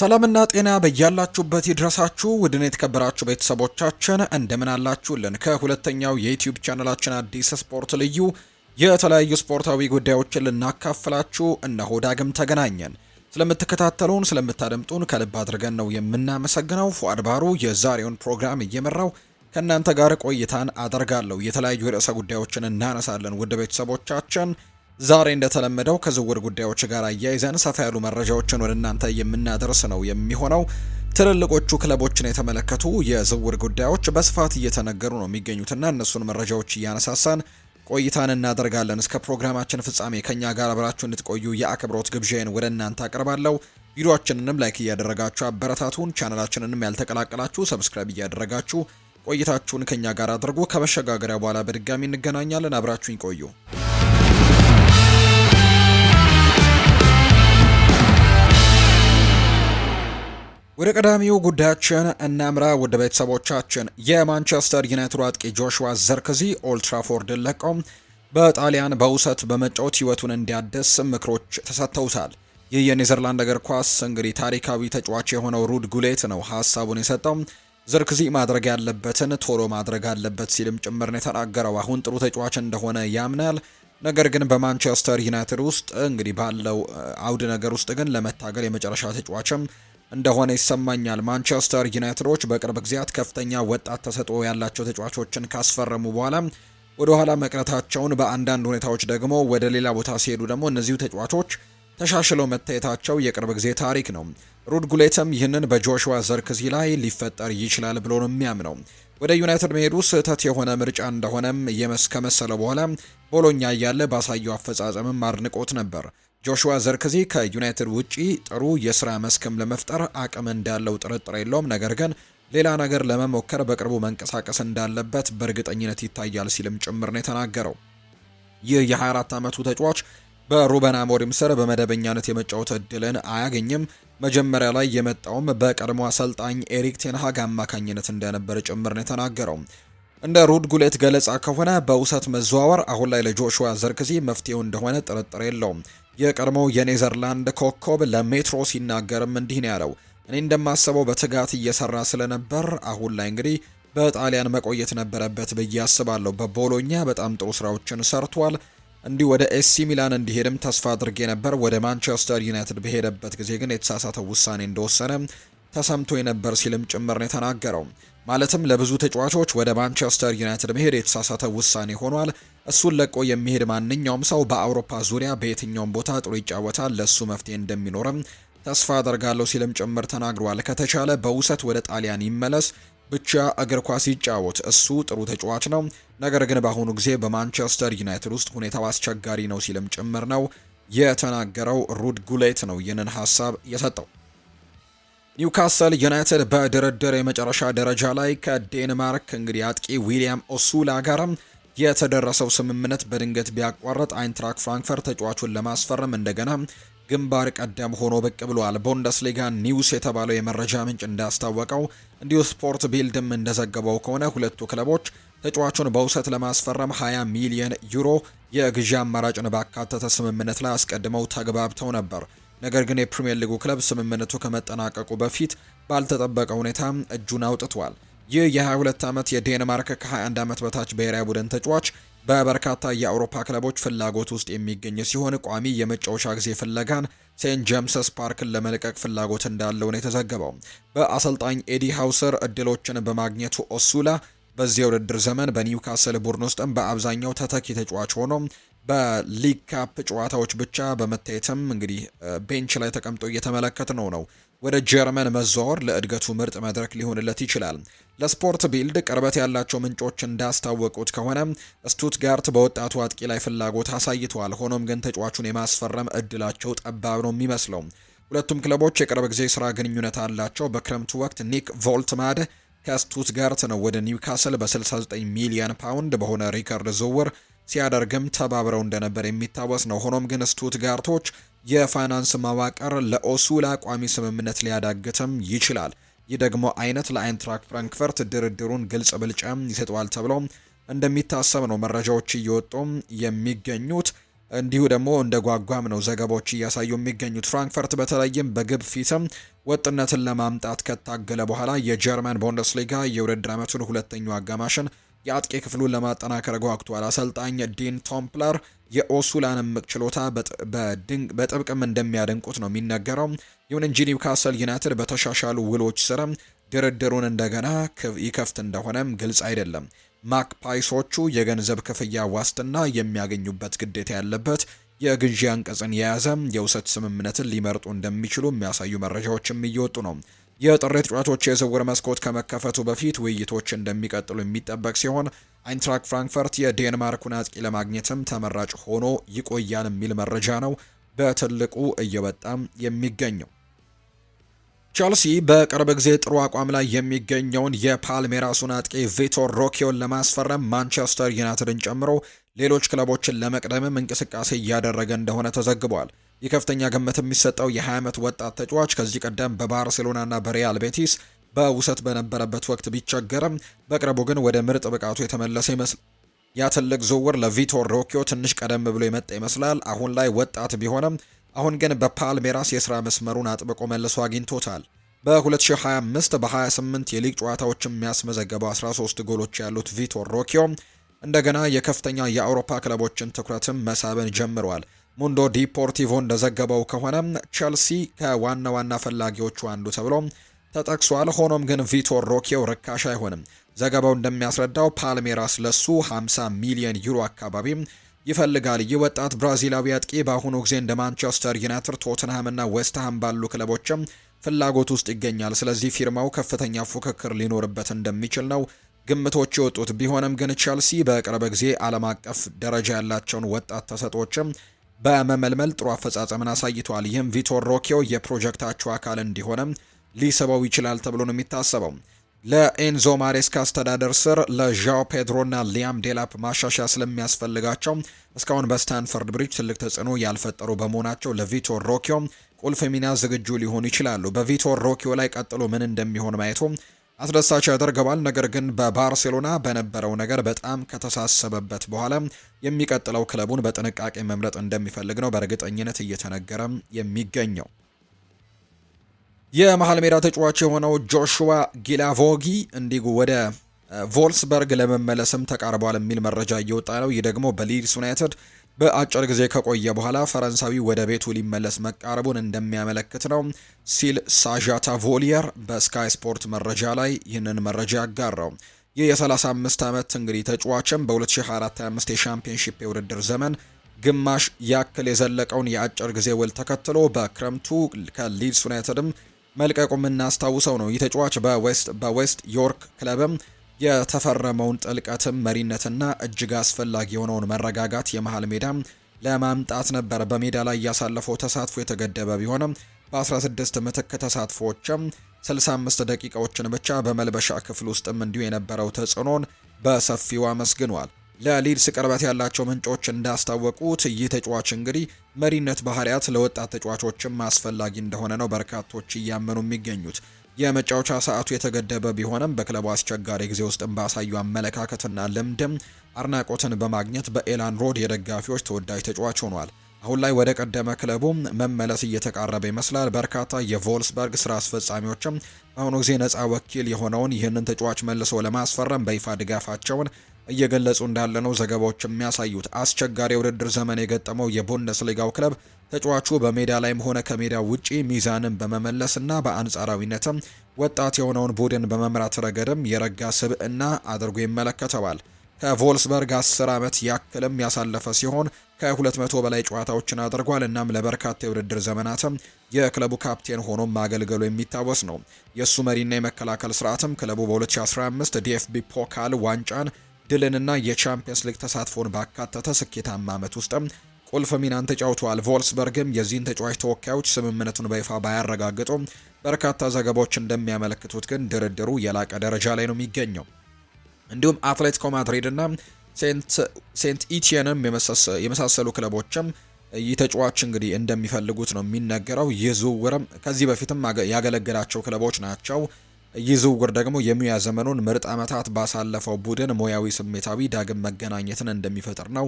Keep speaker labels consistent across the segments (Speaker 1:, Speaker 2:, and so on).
Speaker 1: ሰላምና ጤና በያላችሁበት ይድረሳችሁ ውድን የተከበራችሁ ቤተሰቦቻችን እንደምን አላችሁልን? ከሁለተኛው የዩትዩብ ቻናላችን አዲስ ስፖርት ልዩ የተለያዩ ስፖርታዊ ጉዳዮችን ልናካፍላችሁ እነሆ ዳግም ተገናኘን። ስለምትከታተሉን ስለምታደምጡን ከልብ አድርገን ነው የምናመሰግነው። ፉአድ ባሩ የዛሬውን ፕሮግራም እየመራው ከእናንተ ጋር ቆይታን አደርጋለሁ። የተለያዩ ርዕሰ ጉዳዮችን እናነሳለን። ውድ ቤተሰቦቻችን ዛሬ እንደተለመደው ከዝውውር ጉዳዮች ጋር አያይዘን ሰፋ ያሉ መረጃዎችን ወደ እናንተ የምናደርስ ነው የሚሆነው። ትልልቆቹ ክለቦችን የተመለከቱ የዝውውር ጉዳዮች በስፋት እየተነገሩ ነው የሚገኙትና እነሱን መረጃዎች እያነሳሳን ቆይታን እናደርጋለን። እስከ ፕሮግራማችን ፍጻሜ ከኛ ጋር አብራችሁ እንድትቆዩ የአክብሮት ግብዣዬን ወደ እናንተ አቀርባለሁ። ቪዲዮችንንም ላይክ እያደረጋችሁ አበረታቱን። ቻናላችንንም ያልተቀላቀላችሁ ሰብስክራይብ እያደረጋችሁ ቆይታችሁን ከኛ ጋር አድርጉ። ከመሸጋገሪያ በኋላ በድጋሚ እንገናኛለን። አብራችሁኝ ቆዩ። ወደ ቀዳሚው ጉዳያችን እናምራ። ውድ ቤተሰቦቻችን የማንቸስተር ዩናይትድ አጥቂ ጆሹዋ ዘርክዚ ኦልትራፎርድን ለቀው በጣሊያን በውሰት በመጫወት ህይወቱን እንዲያደስ ምክሮች ተሰጥተውታል። ይህ የኔዘርላንድ እግር ኳስ እንግዲህ ታሪካዊ ተጫዋች የሆነው ሩድ ጉሌት ነው ሀሳቡን የሰጠው። ዘርክዚ ማድረግ ያለበትን ቶሎ ማድረግ አለበት ሲልም ጭምር ነው የተናገረው። አሁን ጥሩ ተጫዋች እንደሆነ ያምናል። ነገር ግን በማንቸስተር ዩናይትድ ውስጥ እንግዲህ ባለው አውድ ነገር ውስጥ ግን ለመታገል የመጨረሻ ተጫዋችም እንደሆነ ይሰማኛል። ማንቸስተር ዩናይትዶች በቅርብ ጊዜያት ከፍተኛ ወጣት ተሰጥኦ ያላቸው ተጫዋቾችን ካስፈረሙ በኋላ ወደ ኋላ መቅረታቸውን፣ በአንዳንድ ሁኔታዎች ደግሞ ወደ ሌላ ቦታ ሲሄዱ ደግሞ እነዚሁ ተጫዋቾች ተሻሽለው መታየታቸው የቅርብ ጊዜ ታሪክ ነው። ሩድ ጉሌትም ይህንን በጆሽዋ ዘርክዚ ላይ ሊፈጠር ይችላል ብሎ ነው የሚያምነው። ወደ ዩናይትድ መሄዱ ስህተት የሆነ ምርጫ እንደሆነም ከመሰለ በኋላ ቦሎኛ እያለ ባሳየው አፈጻጸምም አድንቆት ነበር። ጆሹዋ ዘርክዚ ከዩናይትድ ውጪ ጥሩ የስራ መስክም ለመፍጠር አቅም እንዳለው ጥርጥር የለውም። ነገር ግን ሌላ ነገር ለመሞከር በቅርቡ መንቀሳቀስ እንዳለበት በእርግጠኝነት ይታያል ሲልም ጭምር ነው የተናገረው። ይህ የ24 ዓመቱ ተጫዋች በሩበን አሞሪም ስር በመደበኛነት የመጫወት እድልን አያገኝም። መጀመሪያ ላይ የመጣውም በቀድሞ አሰልጣኝ ኤሪክ ቴንሃግ አማካኝነት እንደነበረ ጭምር ነው የተናገረው። እንደ ሩድ ጉሌት ገለጻ ከሆነ በውሰት መዘዋወር አሁን ላይ ለጆሹዋ ዘርክዚ መፍትሄው እንደሆነ ጥርጥር የለውም። የቀድሞው የኔዘርላንድ ኮከብ ለሜትሮ ሲናገርም እንዲህ ነው ያለው። እኔ እንደማስበው በትጋት እየሰራ ስለነበር አሁን ላይ እንግዲህ በጣሊያን መቆየት ነበረበት ብዬ አስባለሁ። በቦሎኛ በጣም ጥሩ ስራዎችን ሰርቷል። እንዲህ ወደ ኤሲ ሚላን እንዲሄድም ተስፋ አድርጌ ነበር። ወደ ማንቸስተር ዩናይትድ በሄደበት ጊዜ ግን የተሳሳተው ውሳኔ እንደወሰነ ተሰምቶ የነበር ሲልም ጭምር ነው የተናገረው። ማለትም ለብዙ ተጫዋቾች ወደ ማንቸስተር ዩናይትድ መሄድ የተሳሳተ ውሳኔ ሆኗል። እሱን ለቆ የሚሄድ ማንኛውም ሰው በአውሮፓ ዙሪያ በየትኛውም ቦታ ጥሩ ይጫወታል፣ ለእሱ መፍትሄ እንደሚኖርም ተስፋ አደርጋለሁ ሲልም ጭምር ተናግሯል። ከተቻለ በውሰት ወደ ጣሊያን ይመለስ፣ ብቻ እግር ኳስ ይጫወት። እሱ ጥሩ ተጫዋች ነው፣ ነገር ግን በአሁኑ ጊዜ በማንቸስተር ዩናይትድ ውስጥ ሁኔታው አስቸጋሪ ነው ሲልም ጭምር ነው የተናገረው። ሩድ ጉሌት ነው ይህንን ሀሳብ የሰጠው። ኒውካስል ዩናይትድ በድርድር የመጨረሻ ደረጃ ላይ ከዴንማርክ እንግዲህ አጥቂ ዊሊያም ኦሱላ ጋርም የተደረሰው ስምምነት በድንገት ቢያቋርጥ አይንትራክ ፍራንክፈርት ተጫዋቹን ለማስፈረም እንደገና ግንባር ቀደም ሆኖ ብቅ ብሏል። ቡንደስሊጋ ኒውስ የተባለው የመረጃ ምንጭ እንዳስታወቀው እንዲሁ ስፖርት ቢልድም እንደዘገበው ከሆነ ሁለቱ ክለቦች ተጫዋቹን በውሰት ለማስፈረም 20 ሚሊዮን ዩሮ የግዢ አማራጭን ባካተተ ስምምነት ላይ አስቀድመው ተግባብተው ነበር። ነገር ግን የፕሪምየር ሊጉ ክለብ ስምምነቱ ከመጠናቀቁ በፊት ባልተጠበቀ ሁኔታ እጁን አውጥቷል። ይህ የ22 ዓመት የዴንማርክ ከ21 ዓመት በታች ብሔራዊ ቡድን ተጫዋች በበርካታ የአውሮፓ ክለቦች ፍላጎት ውስጥ የሚገኝ ሲሆን ቋሚ የመጫወቻ ጊዜ ፍለጋን ሴንት ጀምሰስ ፓርክን ለመልቀቅ ፍላጎት እንዳለው ነው የተዘገበው። በአሰልጣኝ ኤዲ ሃውሰር እድሎችን በማግኘቱ ኦሱላ በዚህ የውድድር ዘመን በኒውካስል ቡድን ውስጥም በአብዛኛው ተተኪ ተጫዋች ሆኖ በሊግ ካፕ ጨዋታዎች ብቻ በመታየትም እንግዲህ ቤንች ላይ ተቀምጦ እየተመለከት ነው ነው ወደ ጀርመን መዛወር ለእድገቱ ምርጥ መድረክ ሊሆንለት ይችላል። ለስፖርት ቢልድ ቅርበት ያላቸው ምንጮች እንዳስታወቁት ከሆነ ስቱትጋርት በወጣቱ አጥቂ ላይ ፍላጎት አሳይተዋል። ሆኖም ግን ተጫዋቹን የማስፈረም እድላቸው ጠባብ ነው የሚመስለው። ሁለቱም ክለቦች የቅርብ ጊዜ ስራ ግንኙነት አላቸው። በክረምቱ ወቅት ኒክ ቮልትማድ ከስቱትጋርት ነው ወደ ኒውካስል በ69 ሚሊዮን ፓውንድ በሆነ ሪከርድ ዝውውር ሲያደርግም ተባብረው እንደነበር የሚታወስ ነው። ሆኖም ግን ስቱትጋርቶች የፋይናንስ መዋቅር ለኦሱላ ቋሚ ስምምነት ሊያዳግትም ይችላል። ይህ ደግሞ አይነት ለአይንትራክ ፍራንክፈርት ድርድሩን ግልጽ ብልጫ ይሰጠዋል ተብሎ እንደሚታሰብ ነው መረጃዎች እየወጡ የሚገኙት። እንዲሁ ደግሞ እንደ ጓጓም ነው ዘገባዎች እያሳዩ የሚገኙት። ፍራንክፈርት በተለይም በግብ ፊትም ወጥነትን ለማምጣት ከታገለ በኋላ የጀርመን ቡንደስሊጋ የውድድር ዓመቱን ሁለተኛው አጋማሽን የአጥቂ ክፍሉን ለማጠናከር ጓጉቷል። አሰልጣኝ ዲን ቶምፕለር የኦሱላንም ችሎታ በጥብቅም እንደሚያደንቁት ነው የሚነገረው። ይሁን እንጂ ኒውካስል ዩናይትድ በተሻሻሉ ውሎች ስር ድርድሩን እንደገና ይከፍት እንደሆነም ግልጽ አይደለም። ማክፓይሶቹ የገንዘብ ክፍያ ዋስትና የሚያገኙበት ግዴታ ያለበት የግዢ አንቀጽን የያዘ የውሰት ስምምነትን ሊመርጡ እንደሚችሉ የሚያሳዩ መረጃዎችም እየወጡ ነው። የጥሬት ተጫዋቾች የዝውውር መስኮት ከመከፈቱ በፊት ውይይቶች እንደሚቀጥሉ የሚጠበቅ ሲሆን አይንትራክ ፍራንክፈርት የዴንማርኩን አጥቂ ለማግኘትም ተመራጭ ሆኖ ይቆያል የሚል መረጃ ነው በትልቁ እየወጣም የሚገኘው። ቸልሲ በቅርብ ጊዜ ጥሩ አቋም ላይ የሚገኘውን የፓልሜራሱን አጥቂ ቪቶር ሮኪዮን ለማስፈረም ማንቸስተር ዩናይትድን ጨምሮ ሌሎች ክለቦችን ለመቅደምም እንቅስቃሴ እያደረገ እንደሆነ ተዘግቧል። የከፍተኛ ግምት የሚሰጠው የ20 ዓመት ወጣት ተጫዋች ከዚህ ቀደም በባርሴሎናና በሪያል ቤቲስ በውሰት በነበረበት ወቅት ቢቸገርም በቅርቡ ግን ወደ ምርጥ ብቃቱ የተመለሰ ይመስል ያ ትልቅ ዝውውር ለቪቶር ሮኪዮ ትንሽ ቀደም ብሎ የመጣ ይመስላል። አሁን ላይ ወጣት ቢሆንም አሁን ግን በፓልሜራስ የስራ መስመሩን አጥብቆ መልሶ አግኝቶታል። በ2025 በ28 የሊግ ጨዋታዎችን የሚያስመዘገበው 13 ጎሎች ያሉት ቪቶር ሮኪዮ እንደገና የከፍተኛ የአውሮፓ ክለቦችን ትኩረትም መሳብን ጀምሯል። ሙንዶ ዲፖርቲቮ እንደዘገበው ከሆነ ቸልሲ ከዋና ዋና ፈላጊዎቹ አንዱ ተብሎ ተጠቅሷል። ሆኖም ግን ቪቶር ሮኬው ርካሽ አይሆንም። ዘገባው እንደሚያስረዳው ፓልሜራስ ለሱ 50 ሚሊዮን ዩሮ አካባቢ ይፈልጋል። ይህ ወጣት ብራዚላዊ አጥቂ በአሁኑ ጊዜ እንደ ማንቸስተር ዩናይትድ፣ እና ዌስትሃም ባሉ ክለቦችም ፍላጎት ውስጥ ይገኛል። ስለዚህ ፊርማው ከፍተኛ ፉክክር ሊኖርበት እንደሚችል ነው ግምቶች የወጡት። ቢሆንም ግን ቸልሲ በቅርብ ጊዜ ዓለም አቀፍ ደረጃ ያላቸውን ወጣት ተሰጦችም በመመልመል ጥሩ አፈጻጸምን አሳይቷል። ይህም ቪቶር ሮኪዮ የፕሮጀክታቸው አካል እንዲሆንም ሊስበው ይችላል ተብሎ ነው የሚታሰበው። ለኤንዞ ማሬስካ አስተዳደር ስር ለዣኦ ፔድሮና ሊያም ዴላፕ ማሻሻያ ስለሚያስፈልጋቸው እስካሁን በስታንፈርድ ብሪጅ ትልቅ ተጽዕኖ ያልፈጠሩ በመሆናቸው ለቪቶር ሮኪዮ ቁልፍ ሚና ዝግጁ ሊሆኑ ይችላሉ። በቪቶር ሮኪዮ ላይ ቀጥሎ ምን እንደሚሆን ማየቱ አስደሳች ያደርገዋል። ነገር ግን በባርሴሎና በነበረው ነገር በጣም ከተሳሰበበት በኋላ የሚቀጥለው ክለቡን በጥንቃቄ መምረጥ እንደሚፈልግ ነው በእርግጠኝነት እየተነገረ የሚገኘው። የመሀል ሜዳ ተጫዋች የሆነው ጆሹዋ ጊላቮጊ እንዲሁ ወደ ቮልስበርግ ለመመለስም ተቃርቧል የሚል መረጃ እየወጣ ነው። ይህ ደግሞ በሊድስ ዩናይትድ በአጭር ጊዜ ከቆየ በኋላ ፈረንሳዊ ወደ ቤቱ ሊመለስ መቃረቡን እንደሚያመለክት ነው ሲል ሳዣታ ቮሊየር በስካይ ስፖርት መረጃ ላይ ይህንን መረጃ ያጋራው። ይህ የ35 ዓመት እንግዲህ ተጫዋችም በ2024/25 የሻምፒዮንሺፕ የውድድር ዘመን ግማሽ ያክል የዘለቀውን የአጭር ጊዜ ውል ተከትሎ በክረምቱ ከሊድስ ዩናይትድም መልቀቁ የምናስታውሰው ነው። ይህ ተጫዋች በዌስት በዌስት ዮርክ ክለብም የተፈረመውን ጥልቀትም መሪነትና እጅግ አስፈላጊ የሆነውን መረጋጋት የመሃል ሜዳ ለማምጣት ነበር። በሜዳ ላይ ያሳለፈው ተሳትፎ የተገደበ ቢሆንም በ16 ምትክ ተሳትፎዎችም 65 ደቂቃዎችን ብቻ በመልበሻ ክፍል ውስጥም እንዲሁ የነበረው ተጽዕኖን በሰፊው አመስግኗል። ለሊድስ ቅርበት ያላቸው ምንጮች እንዳስታወቁት ይህ ተጫዋች እንግዲህ መሪነት ባህሪያት ለወጣት ተጫዋቾችም አስፈላጊ እንደሆነ ነው በርካቶች እያመኑ የሚገኙት። የመጫወቻ ሰዓቱ የተገደበ ቢሆንም በክለቡ አስቸጋሪ ጊዜ ውስጥም ባሳዩ አመለካከትና ልምድም አድናቆትን በማግኘት በኤላን ሮድ የደጋፊዎች ተወዳጅ ተጫዋች ሆኗል። አሁን ላይ ወደ ቀደመ ክለቡ መመለስ እየተቃረበ ይመስላል። በርካታ የቮልስበርግ ስራ አስፈጻሚዎችም በአሁኑ ጊዜ ነፃ ወኪል የሆነውን ይህንን ተጫዋች መልሶ ለማስፈረም በይፋ ድጋፋቸውን እየገለጹ እንዳለ ነው ዘገባዎች የሚያሳዩት። አስቸጋሪ የውድድር ዘመን የገጠመው የቡንደስሊጋው ክለብ ተጫዋቹ በሜዳ ላይም ሆነ ከሜዳ ውጪ ሚዛንን በመመለስና በአንጻራዊነትም ወጣት የሆነውን ቡድን በመምራት ረገድም የረጋ ስብዕና አድርጎ ይመለከተዋል። ከቮልስበርግ 10 ዓመት ያክልም ያሳለፈ ሲሆን ከ200 በላይ ጨዋታዎችን አድርጓል። እናም ለበርካታ የውድድር ዘመናትም የክለቡ ካፕቴን ሆኖ ማገልገሉ የሚታወስ ነው። የእሱ መሪና የመከላከል ስርዓትም ክለቡ በ2015 ዲኤፍቢ ፖካል ዋንጫን ድልንና የቻምፒየንስ ሊግ ተሳትፎን ባካተተ ስኬታማ ዓመት ውስጥም ቁልፍ ሚናን ተጫውተዋል። ቮልስበርግም የዚህን ተጫዋች ተወካዮች ስምምነቱን በይፋ ባያረጋግጡም በርካታ ዘገባዎች እንደሚያመለክቱት ግን ድርድሩ የላቀ ደረጃ ላይ ነው የሚገኘው። እንዲሁም አትሌቲኮ ማድሪድና ሴንት ኢቲየንም የመሳሰሉ ክለቦችም ይህ ተጫዋች እንግዲህ እንደሚፈልጉት ነው የሚነገረው። ይህ ዝውውርም ከዚህ በፊትም ያገለገላቸው ክለቦች ናቸው። ይህ ዝውውር ደግሞ የሙያ ዘመኑን ምርጥ ዓመታት ባሳለፈው ቡድን ሙያዊ ስሜታዊ ዳግም መገናኘትን እንደሚፈጥር ነው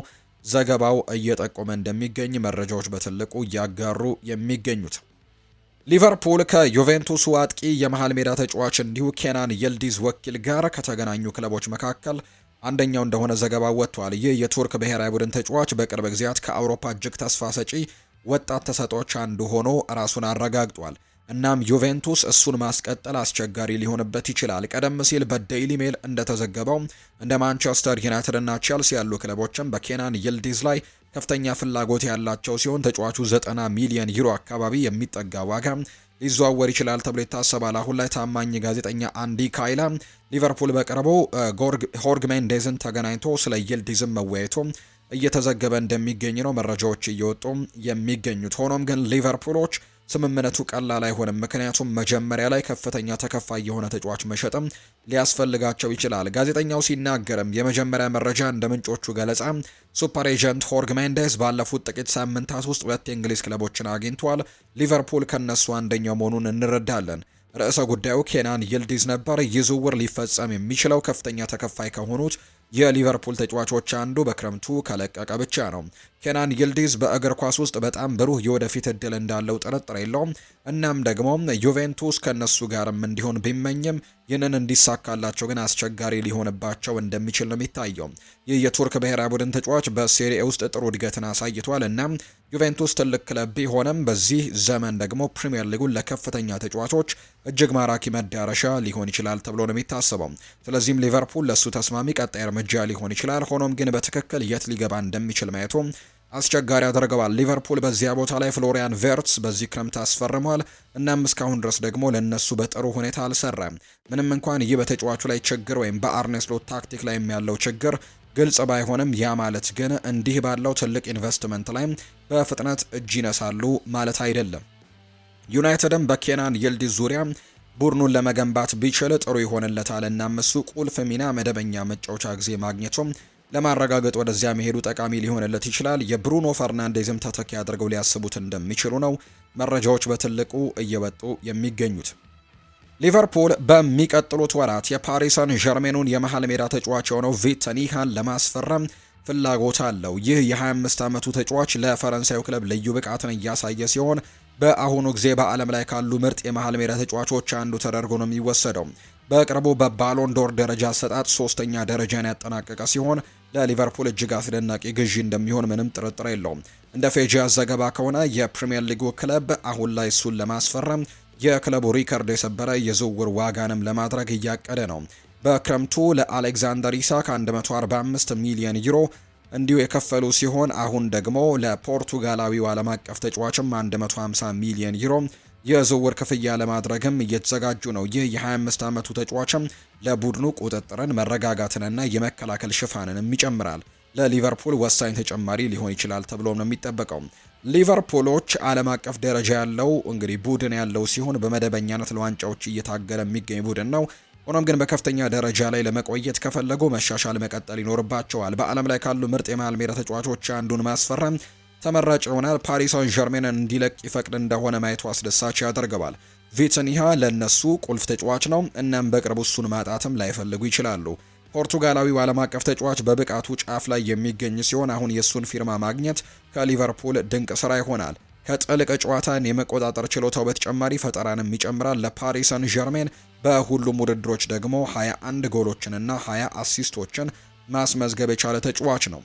Speaker 1: ዘገባው እየጠቆመ እንደሚገኝ መረጃዎች በትልቁ እያጋሩ የሚገኙት። ሊቨርፑል ከዩቬንቱሱ አጥቂ የመሃል ሜዳ ተጫዋች እንዲሁ ኬናን የልዲዝ ወኪል ጋር ከተገናኙ ክለቦች መካከል አንደኛው እንደሆነ ዘገባው ወጥቷል። ይህ የቱርክ ብሔራዊ ቡድን ተጫዋች በቅርብ ጊዜያት ከአውሮፓ እጅግ ተስፋ ሰጪ ወጣት ተሰጦች አንዱ ሆኖ ራሱን አረጋግጧል። እናም ዩቬንቱስ እሱን ማስቀጠል አስቸጋሪ ሊሆንበት ይችላል። ቀደም ሲል በዴይሊ ሜል እንደተዘገበው እንደ ማንቸስተር ዩናይትድ እና ቼልሲ ያሉ ክለቦችም በኬናን ይልዲዝ ላይ ከፍተኛ ፍላጎት ያላቸው ሲሆን ተጫዋቹ 90 ሚሊዮን ዩሮ አካባቢ የሚጠጋ ዋጋ ሊዘዋወር ይችላል ተብሎ ይታሰባል። አሁን ላይ ታማኝ ጋዜጠኛ አንዲ ካይላ ሊቨርፑል በቅርቡ ሆርግ ሜንዴዝን ተገናኝቶ ስለ ይልዲዝም መወያየቱ እየተዘገበ እንደሚገኝ ነው መረጃዎች እየወጡ የሚገኙት። ሆኖም ግን ሊቨርፑሎች ስምምነቱ ቀላል አይሆንም። ምክንያቱም መጀመሪያ ላይ ከፍተኛ ተከፋይ የሆነ ተጫዋች መሸጥም ሊያስፈልጋቸው ይችላል። ጋዜጠኛው ሲናገርም የመጀመሪያ መረጃ እንደ ምንጮቹ ገለጻ ሱፐር ኤጀንት ሆርግ ሜንዴስ ባለፉት ጥቂት ሳምንታት ውስጥ ሁለት የእንግሊዝ ክለቦችን አግኝቷል። ሊቨርፑል ከነሱ አንደኛው መሆኑን እንረዳለን። ርዕሰ ጉዳዩ ኬናን ይልዲዝ ነበር። ይህ ዝውውር ሊፈጸም የሚችለው ከፍተኛ ተከፋይ ከሆኑት የሊቨርፑል ተጫዋቾች አንዱ በክረምቱ ከለቀቀ ብቻ ነው። ኬናን ይልዲዝ በእግር ኳስ ውስጥ በጣም ብሩህ የወደፊት እድል እንዳለው ጥርጥር የለውም። እናም ደግሞ ዩቬንቱስ ከእነሱ ጋርም እንዲሆን ቢመኝም ይህንን እንዲሳካላቸው ግን አስቸጋሪ ሊሆንባቸው እንደሚችል ነው የሚታየው። ይህ የቱርክ ብሔራዊ ቡድን ተጫዋች በሴሪኤ ውስጥ ጥሩ እድገትን አሳይቷል እና ዩቬንቱስ ትልቅ ክለብ ቢሆንም በዚህ ዘመን ደግሞ ፕሪምየር ሊጉን ለከፍተኛ ተጫዋቾች እጅግ ማራኪ መዳረሻ ሊሆን ይችላል ተብሎ ነው የሚታሰበው። ስለዚህም ሊቨርፑል ለእሱ ተስማሚ ቀጣይ እርምጃ ሊሆን ይችላል። ሆኖም ግን በትክክል የት ሊገባ እንደሚችል ማየቱ አስቸጋሪ አድርገዋል። ሊቨርፑል በዚያ ቦታ ላይ ፍሎሪያን ቬርትስ በዚህ ክረምት አስፈርሟል። እናም እስካሁን ድረስ ደግሞ ለነሱ በጥሩ ሁኔታ አልሰራም። ምንም እንኳን ይህ በተጫዋቹ ላይ ችግር ወይም በአርኔስሎት ታክቲክ ላይ ያለው ችግር ግልጽ ባይሆንም፣ ያ ማለት ግን እንዲህ ባለው ትልቅ ኢንቨስትመንት ላይ በፍጥነት እጅ ይነሳሉ ማለት አይደለም። ዩናይትድም በኬናን ይልዲዝ ዙሪያ ቡድኑን ለመገንባት ቢችል ጥሩ ይሆንለታል። እናም እሱ ቁልፍ ሚና መደበኛ መጫወቻ ጊዜ ማግኘቱም ለማረጋገጥ ወደዚያ መሄዱ ጠቃሚ ሊሆንለት ይችላል። የብሩኖ ፈርናንዴዝም ተተኪ አድርገው ሊያስቡት እንደሚችሉ ነው መረጃዎች በትልቁ እየወጡ የሚገኙት። ሊቨርፑል በሚቀጥሉት ወራት የፓሪሰን ዠርሜኑን የመሃል ሜዳ ተጫዋች የሆነው ቪተኒሃን ለማስፈረም ፍላጎት አለው። ይህ የ25 ዓመቱ ተጫዋች ለፈረንሳዩ ክለብ ልዩ ብቃትን እያሳየ ሲሆን በአሁኑ ጊዜ በዓለም ላይ ካሉ ምርጥ የመሃል ሜዳ ተጫዋቾች አንዱ ተደርጎ ነው የሚወሰደው። በቅርቡ በባሎን ዶር ደረጃ አሰጣጥ ሶስተኛ ደረጃን ያጠናቀቀ ሲሆን ለሊቨርፑል እጅግ አስደናቂ ግዢ እንደሚሆን ምንም ጥርጥር የለውም። እንደ ፌጂያ ዘገባ ከሆነ የፕሪምየር ሊጉ ክለብ አሁን ላይ እሱን ለማስፈረም የክለቡ ሪከርድ የሰበረ የዝውውር ዋጋንም ለማድረግ እያቀደ ነው። በክረምቱ ለአሌክዛንደር ኢሳክ 145 ሚሊዮን ዩሮ እንዲሁ የከፈሉ ሲሆን አሁን ደግሞ ለፖርቱጋላዊው ዓለም አቀፍ ተጫዋችም 150 ሚሊዮን ዩሮ የዝውውር ክፍያ ለማድረግም እየተዘጋጁ ነው። ይህ የ25 ዓመቱ ተጫዋችም ለቡድኑ ቁጥጥርን መረጋጋትንና የመከላከል ሽፋንንም ይጨምራል። ለሊቨርፑል ወሳኝ ተጨማሪ ሊሆን ይችላል ተብሎም ነው የሚጠበቀው። ሊቨርፑሎች ዓለም አቀፍ ደረጃ ያለው እንግዲህ ቡድን ያለው ሲሆን በመደበኛነት ለዋንጫዎች እየታገለ የሚገኝ ቡድን ነው። ሆኖም ግን በከፍተኛ ደረጃ ላይ ለመቆየት ከፈለጉ መሻሻል መቀጠል ይኖርባቸዋል። በዓለም ላይ ካሉ ምርጥ የመሃል ሜዳ ተጫዋቾች አንዱን ማስፈረም ተመራጭ ይሆናል። ፓሪስ ሳን ዠርሜን እንዲለቅ ይፈቅድ እንደሆነ ማየቱ አስደሳች ያደርገዋል። ቪትኒሃ ለእነሱ ቁልፍ ተጫዋች ነው። እናም በቅርቡ እሱን ማጣትም ላይፈልጉ ይችላሉ። ፖርቱጋላዊው ዓለም አቀፍ ተጫዋች በብቃቱ ጫፍ ላይ የሚገኝ ሲሆን አሁን የእሱን ፊርማ ማግኘት ከሊቨርፑል ድንቅ ስራ ይሆናል። ከጥልቅ ጨዋታን የመቆጣጠር ችሎታው በተጨማሪ ፈጠራንም ይጨምራል። ለፓሪሰን ዠርሜን በሁሉም ውድድሮች ደግሞ 21 ጎሎችንና 20 አሲስቶችን ማስመዝገብ የቻለ ተጫዋች ነው።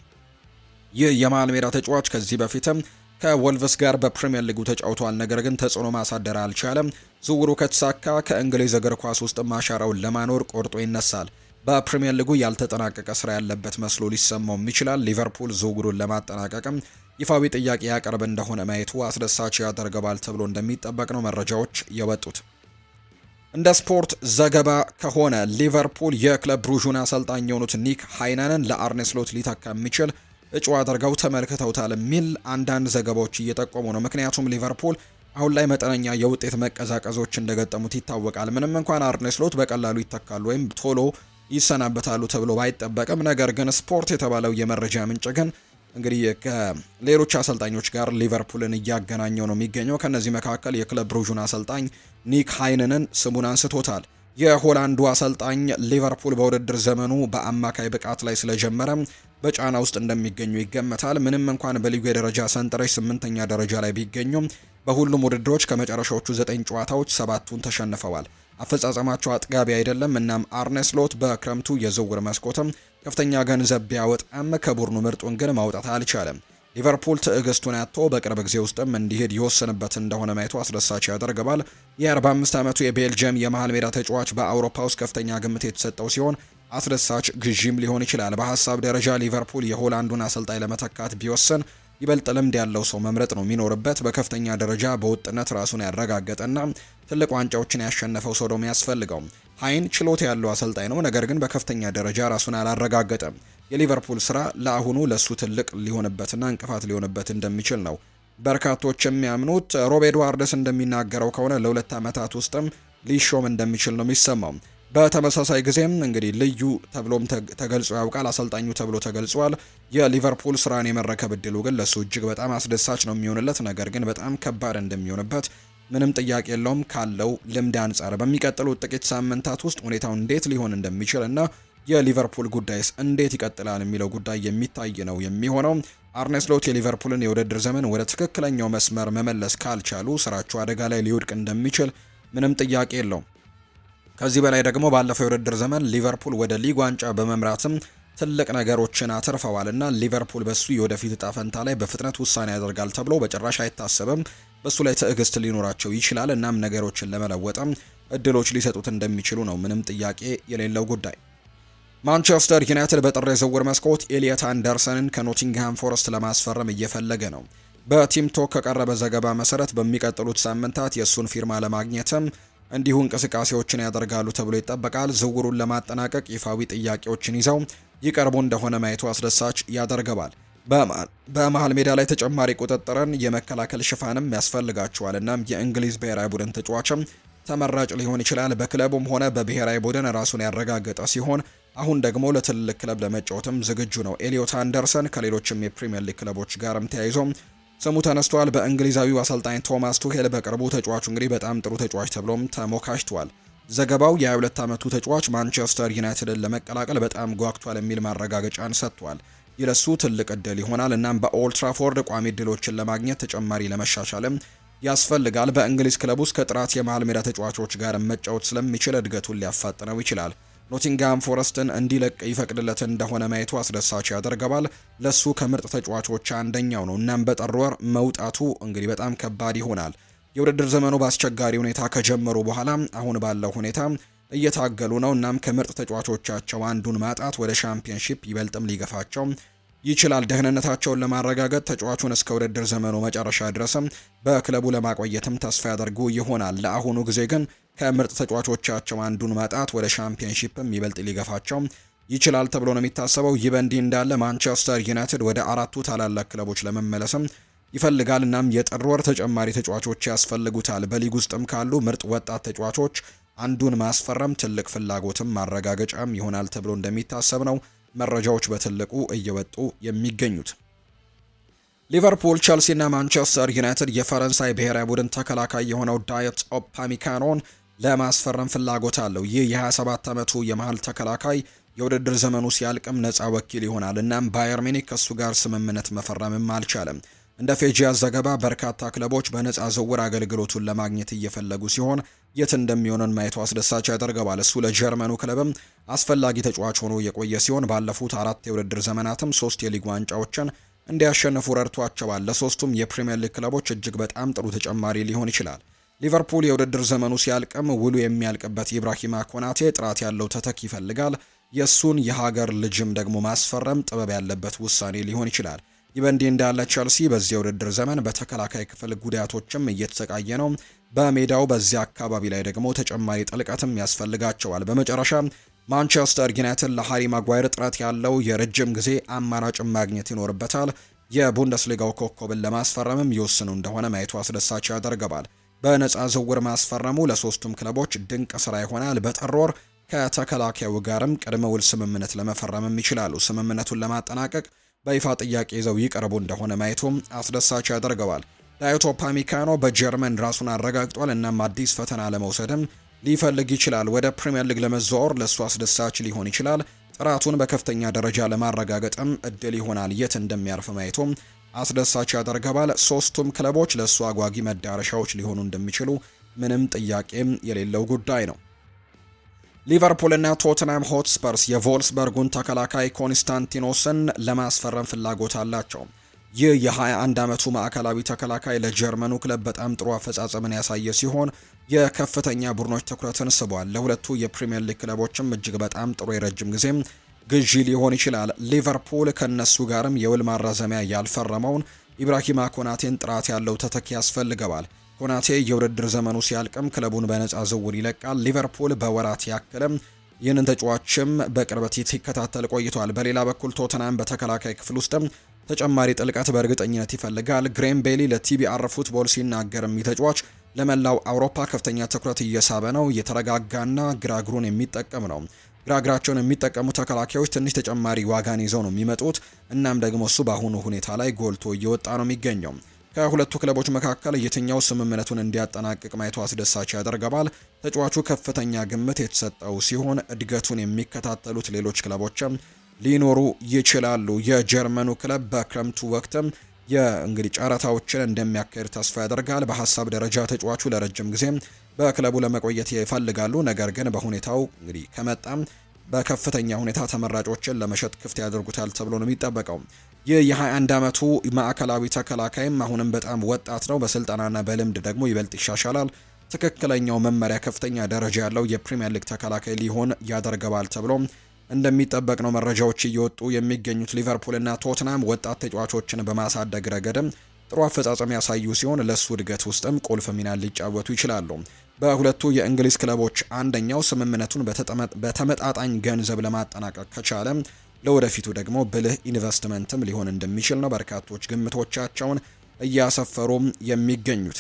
Speaker 1: ይህ የመሀል ሜዳ ተጫዋች ከዚህ በፊትም ከወልቭስ ጋር በፕሪምየር ሊጉ ተጫውቷል። ነገር ግን ተጽዕኖ ማሳደር አልቻለም። ዝውውሩ ከተሳካ ከእንግሊዝ እግር ኳስ ውስጥ ማሻራውን ለማኖር ቆርጦ ይነሳል። በፕሪምየር ሊጉ ያልተጠናቀቀ ስራ ያለበት መስሎ ሊሰማውም ይችላል። ሊቨርፑል ዝውውሩን ለማጠናቀቅም ይፋዊ ጥያቄ ያቀርብ እንደሆነ ማየቱ አስደሳች ያደርገዋል ተብሎ እንደሚጠበቅ ነው መረጃዎች የወጡት። እንደ ስፖርት ዘገባ ከሆነ ሊቨርፑል የክለብ ብሩዥን አሰልጣኝ የሆኑት ኒክ ሃይነንን ለአርኔስሎት ሊታካ ሊተካ የሚችል እጩ አድርገው ተመልክተውታል የሚል አንዳንድ ዘገባዎች እየጠቆሙ ነው። ምክንያቱም ሊቨርፑል አሁን ላይ መጠነኛ የውጤት መቀዛቀዞች እንደገጠሙት ይታወቃል። ምንም እንኳን አርኔ ስሎት በቀላሉ ይተካሉ ወይም ቶሎ ይሰናበታሉ ተብሎ ባይጠበቅም፣ ነገር ግን ስፖርት የተባለው የመረጃ ምንጭ ግን እንግዲህ ከሌሎች አሰልጣኞች ጋር ሊቨርፑልን እያገናኘው ነው የሚገኘው። ከእነዚህ መካከል የክለብ ብሩዥን አሰልጣኝ ኒክ ሃይንንን ስሙን አንስቶታል። የሆላንዱ አሰልጣኝ ሊቨርፑል በውድድር ዘመኑ በአማካይ ብቃት ላይ ስለጀመረ በጫና ውስጥ እንደሚገኙ ይገመታል። ምንም እንኳን በልዩ የደረጃ ሰንጠረዥ ስምንተኛ ደረጃ ላይ ቢገኙም በሁሉም ውድድሮች ከመጨረሻዎቹ ዘጠኝ ጨዋታዎች ሰባቱን ተሸንፈዋል። አፈጻጸማቸው አጥጋቢ አይደለም። እናም አርኔስ ሎት በክረምቱ የዝውውር መስኮትም ከፍተኛ ገንዘብ ቢያወጣም ከቡድኑ ምርጡን ግን ማውጣት አልቻለም። ሊቨርፑል ትዕግስቱን ያጥቶ በቅርብ ጊዜ ውስጥም እንዲሄድ የወሰንበት እንደሆነ ማየቱ አስደሳች ያደርገዋል። የ45 ዓመቱ የቤልጅየም የመሃል ሜዳ ተጫዋች በአውሮፓ ውስጥ ከፍተኛ ግምት የተሰጠው ሲሆን አስደሳች ግዥም ሊሆን ይችላል። በሀሳብ ደረጃ ሊቨርፑል የሆላንዱን አሰልጣኝ ለመተካት ቢወስን ይበልጥ ልምድ ያለው ሰው መምረጥ ነው የሚኖርበት። በከፍተኛ ደረጃ በውጥነት ራሱን ያረጋገጠና ትልቅ ዋንጫዎችን ያሸነፈው ሰው ደሞ ያስፈልገው። ሀይን ችሎታ ያለው አሰልጣኝ ነው፣ ነገር ግን በከፍተኛ ደረጃ ራሱን አላረጋገጠም። የሊቨርፑል ስራ ለአሁኑ ለእሱ ትልቅ ሊሆንበትና እንቅፋት ሊሆንበት እንደሚችል ነው በርካቶች የሚያምኑት። ሮብ ኤድዋርድስ እንደሚናገረው ከሆነ ለሁለት ዓመታት ውስጥም ሊሾም እንደሚችል ነው የሚሰማው። በተመሳሳይ ጊዜም እንግዲህ ልዩ ተብሎም ተገልጾ ያውቃል፣ አሰልጣኙ ተብሎ ተገልጿል። የሊቨርፑል ስራን የመረከብ እድሉ ግን ለሱ እጅግ በጣም አስደሳች ነው የሚሆንለት፣ ነገር ግን በጣም ከባድ እንደሚሆንበት ምንም ጥያቄ የለውም። ካለው ልምድ አንጻር በሚቀጥሉት ጥቂት ሳምንታት ውስጥ ሁኔታው እንዴት ሊሆን እንደሚችል እና የሊቨርፑል ጉዳይስ እንዴት ይቀጥላል የሚለው ጉዳይ የሚታይ ነው የሚሆነው። አርነ ስሎት የሊቨርፑልን የውድድር ዘመን ወደ ትክክለኛው መስመር መመለስ ካልቻሉ ስራቸው አደጋ ላይ ሊወድቅ እንደሚችል ምንም ጥያቄ የለውም። ከዚህ በላይ ደግሞ ባለፈው የውድድር ዘመን ሊቨርፑል ወደ ሊግ ዋንጫ በመምራትም ትልቅ ነገሮችን አትርፈዋል እና ሊቨርፑል በሱ የወደፊት እጣ ፈንታ ላይ በፍጥነት ውሳኔ ያደርጋል ተብሎ በጭራሽ አይታሰብም። በሱ ላይ ትዕግስት ሊኖራቸው ይችላል። እናም ነገሮችን ለመለወጥም እድሎች ሊሰጡት እንደሚችሉ ነው ምንም ጥያቄ የሌለው ጉዳይ። ማንቸስተር ዩናይትድ በጥር የዝውውር መስኮት ኤሊየት አንደርሰንን ከኖቲንግሃም ፎረስት ለማስፈረም እየፈለገ ነው። በቲም ቶክ ከቀረበ ዘገባ መሰረት በሚቀጥሉት ሳምንታት የእሱን ፊርማ ለማግኘትም እንዲሁ እንቅስቃሴዎችን ያደርጋሉ ተብሎ ይጠበቃል። ዝውውሩን ለማጠናቀቅ ይፋዊ ጥያቄዎችን ይዘው ይቀርቡ እንደሆነ ማየቱ አስደሳች ያደርገዋል። በመሀል ሜዳ ላይ ተጨማሪ ቁጥጥርን፣ የመከላከል ሽፋንም ያስፈልጋቸዋል። እናም የእንግሊዝ ብሔራዊ ቡድን ተጫዋችም ተመራጭ ሊሆን ይችላል። በክለቡም ሆነ በብሔራዊ ቡድን ራሱን ያረጋገጠ ሲሆን አሁን ደግሞ ለትልቅ ክለብ ለመጫወትም ዝግጁ ነው። ኤሊዮት አንደርሰን ከሌሎችም የፕሪምየር ሊግ ክለቦች ጋርም ተያይዞ ስሙ ተነስቷል። በእንግሊዛዊው አሰልጣኝ ቶማስ ቱሄል በቅርቡ ተጫዋቹ እንግዲህ በጣም ጥሩ ተጫዋች ተብሎም ተሞካሽቷል። ዘገባው የ22 ዓመቱ ተጫዋች ማንቸስተር ዩናይትድን ለመቀላቀል በጣም ጓግቷል የሚል ማረጋገጫን ሰጥቷል። ይለሱ ትልቅ እድል ይሆናል። እናም በኦልትራፎርድ ቋሚ እድሎችን ለማግኘት ተጨማሪ ለመሻሻልም ያስፈልጋል። በእንግሊዝ ክለብ ውስጥ ከጥራት የመሃል ሜዳ ተጫዋቾች ጋር መጫወት ስለሚችል እድገቱን ሊያፋጥነው ይችላል። ኖቲንግሃም ፎረስትን እንዲለቅ ይፈቅድለት እንደሆነ ማየቱ አስደሳች ያደርገዋል። ለሱ ከምርጥ ተጫዋቾች አንደኛው ነው። እናም በጥር ወር መውጣቱ እንግዲህ በጣም ከባድ ይሆናል። የውድድር ዘመኑ በአስቸጋሪ ሁኔታ ከጀመሩ በኋላ አሁን ባለው ሁኔታ እየታገሉ ነው። እናም ከምርጥ ተጫዋቾቻቸው አንዱን ማጣት ወደ ሻምፒዮንሺፕ ይበልጥም ሊገፋቸው ይችላል። ደህንነታቸውን ለማረጋገጥ ተጫዋቹን እስከ ውድድር ዘመኑ መጨረሻ ድረስም በክለቡ ለማቆየትም ተስፋ ያደርጉ ይሆናል። ለአሁኑ ጊዜ ግን ከምርጥ ተጫዋቾቻቸው አንዱን ማጣት ወደ ሻምፒዮንሺፕም ይበልጥ ሊገፋቸው ይችላል ተብሎ ነው የሚታሰበው። ይህ በእንዲህ እንዳለ ማንቸስተር ዩናይትድ ወደ አራቱ ታላላቅ ክለቦች ለመመለስም ይፈልጋል። እናም የጥር ወር ተጨማሪ ተጫዋቾች ያስፈልጉታል። በሊግ ውስጥም ካሉ ምርጥ ወጣት ተጫዋቾች አንዱን ማስፈረም ትልቅ ፍላጎትም ማረጋገጫም ይሆናል ተብሎ እንደሚታሰብ ነው መረጃዎች በትልቁ እየወጡ የሚገኙት። ሊቨርፑል፣ ቸልሲ እና ማንቸስተር ዩናይትድ የፈረንሳይ ብሔራዊ ቡድን ተከላካይ የሆነው ዳየት ኦፓሚካኖን ለማስፈረም ፍላጎት አለው። ይህ የ27 ዓመቱ የመሀል ተከላካይ የውድድር ዘመኑ ሲያልቅም ነፃ ወኪል ይሆናል። እናም ባየር ሚኒክ ከእሱ ጋር ስምምነት መፈረምም አልቻለም። እንደ ፌጂያ ዘገባ በርካታ ክለቦች በነፃ ዝውውር አገልግሎቱን ለማግኘት እየፈለጉ ሲሆን የት እንደሚሆነን ማየቱ አስደሳች ያደርገዋል። እሱ ለጀርመኑ ክለብም አስፈላጊ ተጫዋች ሆኖ የቆየ ሲሆን ባለፉት አራት የውድድር ዘመናትም ሶስት የሊግ ዋንጫዎችን እንዲያሸንፉ ረድቷቸዋል። ለሶስቱም የፕሪምየር ሊግ ክለቦች እጅግ በጣም ጥሩ ተጨማሪ ሊሆን ይችላል። ሊቨርፑል የውድድር ዘመኑ ሲያልቅም ውሉ የሚያልቅበት ኢብራሂማ ኮናቴ ጥራት ያለው ተተክ ይፈልጋል። የእሱን የሀገር ልጅም ደግሞ ማስፈረም ጥበብ ያለበት ውሳኔ ሊሆን ይችላል። ይህ በእንዲህ እንዳለ ቸልሲ በዚህ የውድድር ዘመን በተከላካይ ክፍል ጉዳቶችም እየተሰቃየ ነው። በሜዳው በዚያ አካባቢ ላይ ደግሞ ተጨማሪ ጥልቀትም ያስፈልጋቸዋል። በመጨረሻ ማንቸስተር ዩናይትድ ለሃሪ ማጓየር ጥረት ያለው የረጅም ጊዜ አማራጭ ማግኘት ይኖርበታል። የቡንደስሊጋው ኮከብን ለማስፈረምም ይወስኑ እንደሆነ ማየቱ አስደሳች ያደርገዋል። በነፃ ዝውውር ማስፈረሙ ለሶስቱም ክለቦች ድንቅ ስራ ይሆናል። በጥር ወር ከተከላካዩ ጋርም ቅድመ ውል ስምምነት ለመፈረምም ይችላሉ። ስምምነቱን ለማጠናቀቅ በይፋ ጥያቄ ይዘው ይቀርቡ እንደሆነ ማየቱም አስደሳች ያደርገዋል። ዳዮት ፓሚካኖ በጀርመን ራሱን አረጋግጧል። እናም አዲስ ፈተና ለመውሰድም ሊፈልግ ይችላል። ወደ ፕሪምየር ሊግ ለመዘዋወር ለእሱ አስደሳች ሊሆን ይችላል። ጥራቱን በከፍተኛ ደረጃ ለማረጋገጥም እድል ይሆናል። የት እንደሚያርፍ ማየቱም አስደሳች ያደርገዋል። ሶስቱም ክለቦች ለእሱ አጓጊ መዳረሻዎች ሊሆኑ እንደሚችሉ ምንም ጥያቄም የሌለው ጉዳይ ነው። ሊቨርፑልና ቶትናም ሆትስፐርስ የቮልስበርጉን ተከላካይ ኮንስታንቲኖስን ለማስፈረም ፍላጎት አላቸው። ይህ የ21 ዓመቱ ማዕከላዊ ተከላካይ ለጀርመኑ ክለብ በጣም ጥሩ አፈጻጸምን ያሳየ ሲሆን የከፍተኛ ቡድኖች ትኩረትን ስቧል። ለሁለቱ የፕሪምየር ሊግ ክለቦችም እጅግ በጣም ጥሩ የረጅም ጊዜም ግዢ ሊሆን ይችላል። ሊቨርፑል ከእነሱ ጋርም የውል ማራዘሚያ ያልፈረመውን ኢብራሂማ ኮናቴን ጥራት ያለው ተተኪ ያስፈልገዋል። ኮናቴ የውድድር ዘመኑ ሲያልቅም ክለቡን በነጻ ዝውውር ይለቃል። ሊቨርፑል በወራት ያክልም ይህንን ተጫዋችም በቅርበት ሲከታተል ቆይቷል። በሌላ በኩል ቶተናም በተከላካይ ክፍል ውስጥም ተጨማሪ ጥልቀት በእርግጠኝነት ይፈልጋል። ግሬም ቤሊ ለቲቢአር ፉትቦል ሲናገር የሚተጫዋች ለመላው አውሮፓ ከፍተኛ ትኩረት እየሳበ ነው። የተረጋጋና ግራግሩን የሚጠቀም ነው። ግራግራቸውን የሚጠቀሙ ተከላካዮች ትንሽ ተጨማሪ ዋጋን ይዘው ነው የሚመጡት። እናም ደግሞ እሱ በአሁኑ ሁኔታ ላይ ጎልቶ እየወጣ ነው የሚገኘው። ከሁለቱ ክለቦች መካከል የትኛው ስምምነቱን እንዲያጠናቅቅ ማየቱ አስደሳች ያደርገባል። ተጫዋቹ ከፍተኛ ግምት የተሰጠው ሲሆን እድገቱን የሚከታተሉት ሌሎች ክለቦችም ሊኖሩ ይችላሉ። የጀርመኑ ክለብ በክረምቱ ወቅትም የእንግዲህ ጨረታዎችን እንደሚያካሄድ ተስፋ ያደርጋል። በሀሳብ ደረጃ ተጫዋቹ ለረጅም ጊዜ በክለቡ ለመቆየት ይፈልጋሉ። ነገር ግን በሁኔታው እንግዲህ ከመጣም በከፍተኛ ሁኔታ ተመራጮችን ለመሸጥ ክፍት ያደርጉታል ተብሎ ነው የሚጠበቀው። ይህ የ21 ዓመቱ ማዕከላዊ ተከላካይም አሁንም በጣም ወጣት ነው። በስልጠናና በልምድ ደግሞ ይበልጥ ይሻሻላል። ትክክለኛው መመሪያ ከፍተኛ ደረጃ ያለው የፕሪምየር ሊግ ተከላካይ ሊሆን ያደርገዋል ተብሎ እንደሚጠበቅ ነው መረጃዎች እየወጡ የሚገኙት። ሊቨርፑልና ቶትናም ወጣት ተጫዋቾችን በማሳደግ ረገድም ጥሩ አፈጻጸም ያሳዩ ሲሆን ለእሱ እድገት ውስጥም ቁልፍ ሚና ሊጫወቱ ይችላሉ። በሁለቱ የእንግሊዝ ክለቦች አንደኛው ስምምነቱን በተመጣጣኝ ገንዘብ ለማጠናቀቅ ከቻለ ለወደፊቱ ደግሞ ብልህ ኢንቨስትመንትም ሊሆን እንደሚችል ነው በርካቶች ግምቶቻቸውን እያሰፈሩም የሚገኙት።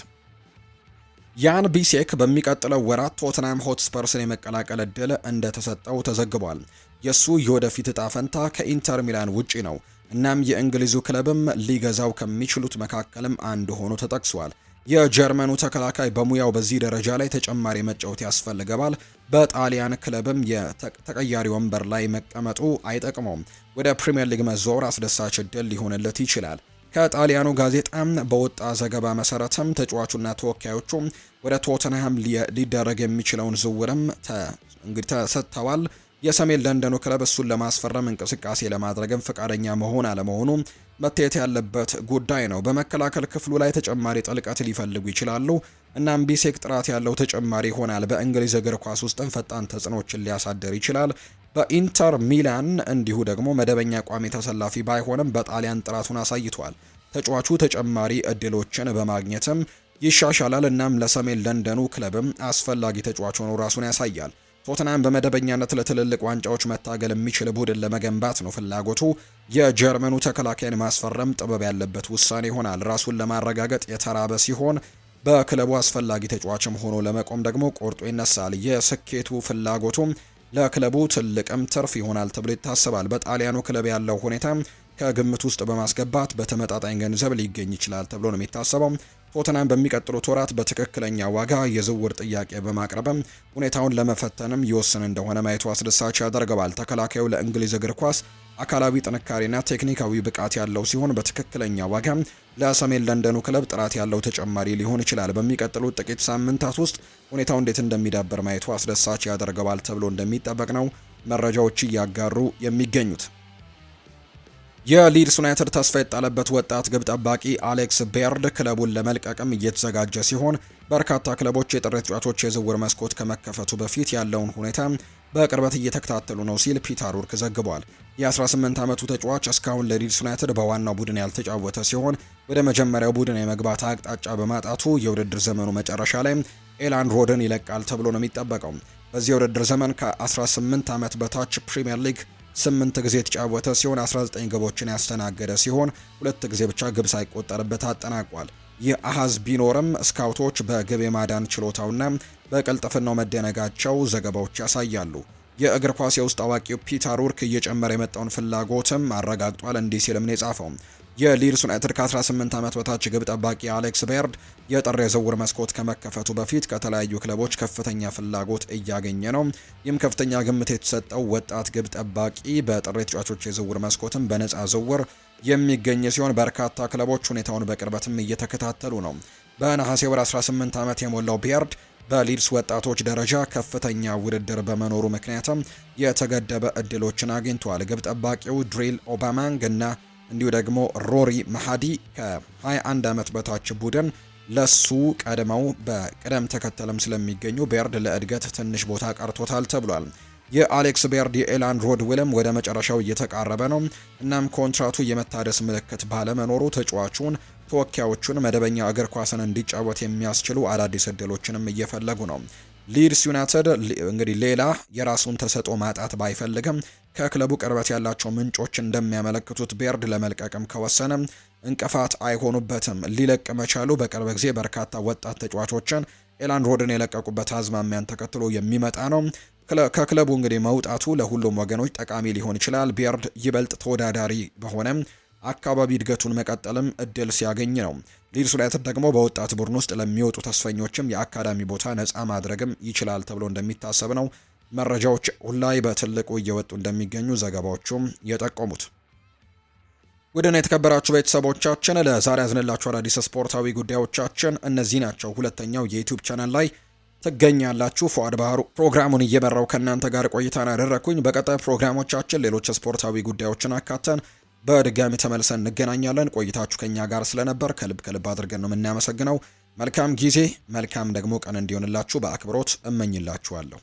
Speaker 1: ያን ቢሴክ በሚቀጥለው ወራት ቶትናም ሆትስፐርስን የመቀላቀል እድል እንደተሰጠው ተዘግቧል። የእሱ የወደፊት እጣ ፈንታ ከኢንተር ሚላን ውጪ ነው። እናም የእንግሊዙ ክለብም ሊገዛው ከሚችሉት መካከልም አንዱ ሆኖ ተጠቅሷል። የጀርመኑ ተከላካይ በሙያው በዚህ ደረጃ ላይ ተጨማሪ መጫወት ያስፈልገዋል። በጣሊያን ክለብም የተቀያሪ ወንበር ላይ መቀመጡ አይጠቅመውም። ወደ ፕሪምየር ሊግ መዞር አስደሳች እድል ሊሆንለት ይችላል። ከጣሊያኑ ጋዜጣ በወጣ ዘገባ መሰረትም ተጫዋቹና ተወካዮቹ ወደ ቶተንሃም ሊደረግ የሚችለውን ዝውውርም እንግዲህ ተሰጥተዋል። የሰሜን ለንደኑ ክለብ እሱን ለማስፈረም እንቅስቃሴ ለማድረግም ፈቃደኛ መሆን አለመሆኑ መታየት ያለበት ጉዳይ ነው። በመከላከል ክፍሉ ላይ ተጨማሪ ጥልቀት ሊፈልጉ ይችላሉ። እናም ቢሴክ ጥራት ያለው ተጨማሪ ይሆናል። በእንግሊዝ እግር ኳስ ውስጥም ፈጣን ተጽዕኖችን ሊያሳድር ይችላል። በኢንተር ሚላን እንዲሁ ደግሞ መደበኛ ቋሚ ተሰላፊ ባይሆንም በጣሊያን ጥራቱን አሳይቷል። ተጫዋቹ ተጨማሪ እድሎችን በማግኘትም ይሻሻላል። እናም ለሰሜን ለንደኑ ክለብም አስፈላጊ ተጫዋች ሆኖ ራሱን ያሳያል። ቶተናም በመደበኛነት ለትልልቅ ዋንጫዎች መታገል የሚችል ቡድን ለመገንባት ነው ፍላጎቱ። የጀርመኑ ተከላካይን ማስፈረም ጥበብ ያለበት ውሳኔ ይሆናል። ራሱን ለማረጋገጥ የተራበ ሲሆን በክለቡ አስፈላጊ ተጫዋችም ሆኖ ለመቆም ደግሞ ቆርጦ ይነሳል። የስኬቱ ፍላጎቱም ለክለቡ ትልቅም ትርፍ ይሆናል ተብሎ ይታሰባል። በጣሊያኑ ክለብ ያለው ሁኔታ ከግምት ውስጥ በማስገባት በተመጣጣኝ ገንዘብ ሊገኝ ይችላል ተብሎ ነው የሚታሰበው። ቶተናም በሚቀጥሉት ወራት በትክክለኛ ዋጋ የዝውውር ጥያቄ በማቅረብም ሁኔታውን ለመፈተንም ይወስን እንደሆነ ማየቱ አስደሳች ያደርገዋል። ተከላካዩ ለእንግሊዝ እግር ኳስ አካላዊ ጥንካሬና ቴክኒካዊ ብቃት ያለው ሲሆን በትክክለኛ ዋጋ ለሰሜን ለንደኑ ክለብ ጥራት ያለው ተጨማሪ ሊሆን ይችላል። በሚቀጥሉት ጥቂት ሳምንታት ውስጥ ሁኔታው እንዴት እንደሚዳበር ማየቱ አስደሳች ያደርገዋል ተብሎ እንደሚጠበቅ ነው መረጃዎች እያጋሩ የሚገኙት። የሊድስ ዩናይትድ ተስፋ የጣለበት ወጣት ግብ ጠባቂ አሌክስ ቤርድ ክለቡን ለመልቀቅም እየተዘጋጀ ሲሆን በርካታ ክለቦች የጥር ተጫዋቾች የዝውውር መስኮት ከመከፈቱ በፊት ያለውን ሁኔታ በቅርበት እየተከታተሉ ነው ሲል ፒተር ውርክ ዘግቧል። የ18 ዓመቱ ተጫዋች እስካሁን ለሊድስ ዩናይትድ በዋናው ቡድን ያልተጫወተ ሲሆን ወደ መጀመሪያው ቡድን የመግባት አቅጣጫ በማጣቱ የውድድር ዘመኑ መጨረሻ ላይ ኤላንድ ሮድን ይለቃል ተብሎ ነው የሚጠበቀው። በዚህ የውድድር ዘመን ከ18 ዓመት በታች ፕሪምየር ሊግ ስምንት ጊዜ የተጫወተ ሲሆን 19 ግቦችን ያስተናገደ ሲሆን ሁለት ጊዜ ብቻ ግብ ሳይቆጠርበት አጠናቋል። ይህ አሃዝ ቢኖርም ስካውቶች በግብ የማዳን ችሎታውና በቅልጥፍናው መደነጋቸው ዘገባዎች ያሳያሉ። የእግር ኳስ የውስጥ አዋቂው ፒተር ውርክ እየጨመረ የመጣውን ፍላጎትም አረጋግጧል። እንዲህ ሲልም ነው የጻፈው። የሊድስ ዩናይትድ ከ18 ዓመት በታች ግብ ጠባቂ አሌክስ ቤርድ የጥር የዝውውር መስኮት ከመከፈቱ በፊት ከተለያዩ ክለቦች ከፍተኛ ፍላጎት እያገኘ ነው። ይህም ከፍተኛ ግምት የተሰጠው ወጣት ግብ ጠባቂ በጥር የተጫዋቾች የዝውውር መስኮትም በነፃ ዝውውር የሚገኝ ሲሆን በርካታ ክለቦች ሁኔታውን በቅርበትም እየተከታተሉ ነው። በነሐሴ ወር 18 ዓመት የሞላው ቤርድ በሊድስ ወጣቶች ደረጃ ከፍተኛ ውድድር በመኖሩ ምክንያትም የተገደበ እድሎችን አግኝቷል። ግብ ጠባቂው ድሪል ኦባማንግ እና እንዲሁ ደግሞ ሮሪ መሃዲ ከ21 ዓመት በታች ቡድን ለሱ ቀድመው በቅደም ተከተለም ስለሚገኙ ቤርድ ለእድገት ትንሽ ቦታ ቀርቶታል ተብሏል። የአሌክስ ቤርድ የኤላን ሮድዌልም ወደ መጨረሻው እየተቃረበ ነው። እናም ኮንትራቱ የመታደስ ምልክት ባለመኖሩ ተጫዋቹን ተወካዮቹን መደበኛ እግር ኳስን እንዲጫወት የሚያስችሉ አዳዲስ እድሎችንም እየፈለጉ ነው። ሊድስ ዩናይትድ እንግዲህ ሌላ የራሱን ተሰጥኦ ማጣት ባይፈልግም ከክለቡ ቅርበት ያላቸው ምንጮች እንደሚያመለክቱት ቤርድ ለመልቀቅም ከወሰነ እንቅፋት አይሆኑበትም። ሊለቅ መቻሉ በቅርብ ጊዜ በርካታ ወጣት ተጫዋቾችን ኤላንድ ሮድን የለቀቁበት አዝማሚያን ተከትሎ የሚመጣ ነው። ከክለቡ እንግዲህ መውጣቱ ለሁሉም ወገኖች ጠቃሚ ሊሆን ይችላል። ቤርድ ይበልጥ ተወዳዳሪ በሆነም አካባቢ እድገቱን መቀጠልም እድል ሲያገኝ ነው። ሊድስ ዩናይትድ ደግሞ በወጣት ቡድን ውስጥ ለሚወጡ ተስፈኞችም የአካዳሚ ቦታ ነፃ ማድረግም ይችላል ተብሎ እንደሚታሰብ ነው መረጃዎች ሁላይ በትልቁ እየወጡ እንደሚገኙ ዘገባዎቹም የጠቆሙት። ውድና የተከበራችሁ ቤተሰቦቻችን ለዛሬ ያዝንላችሁ አዳዲስ ስፖርታዊ ጉዳዮቻችን እነዚህ ናቸው። ሁለተኛው የዩቲዩብ ቻናል ላይ ትገኛላችሁ። ፉአድ ባህሩ ፕሮግራሙን እየመራው ከእናንተ ጋር ቆይታን አደረግኩኝ። በቀጣይ ፕሮግራሞቻችን ሌሎች ስፖርታዊ ጉዳዮችን አካተን በድጋሚ ተመልሰን እንገናኛለን። ቆይታችሁ ከኛ ጋር ስለነበር ከልብ ከልብ አድርገን ነው የምናመሰግነው። መልካም ጊዜ፣ መልካም ደግሞ ቀን እንዲሆንላችሁ በአክብሮት እመኝላችኋለሁ።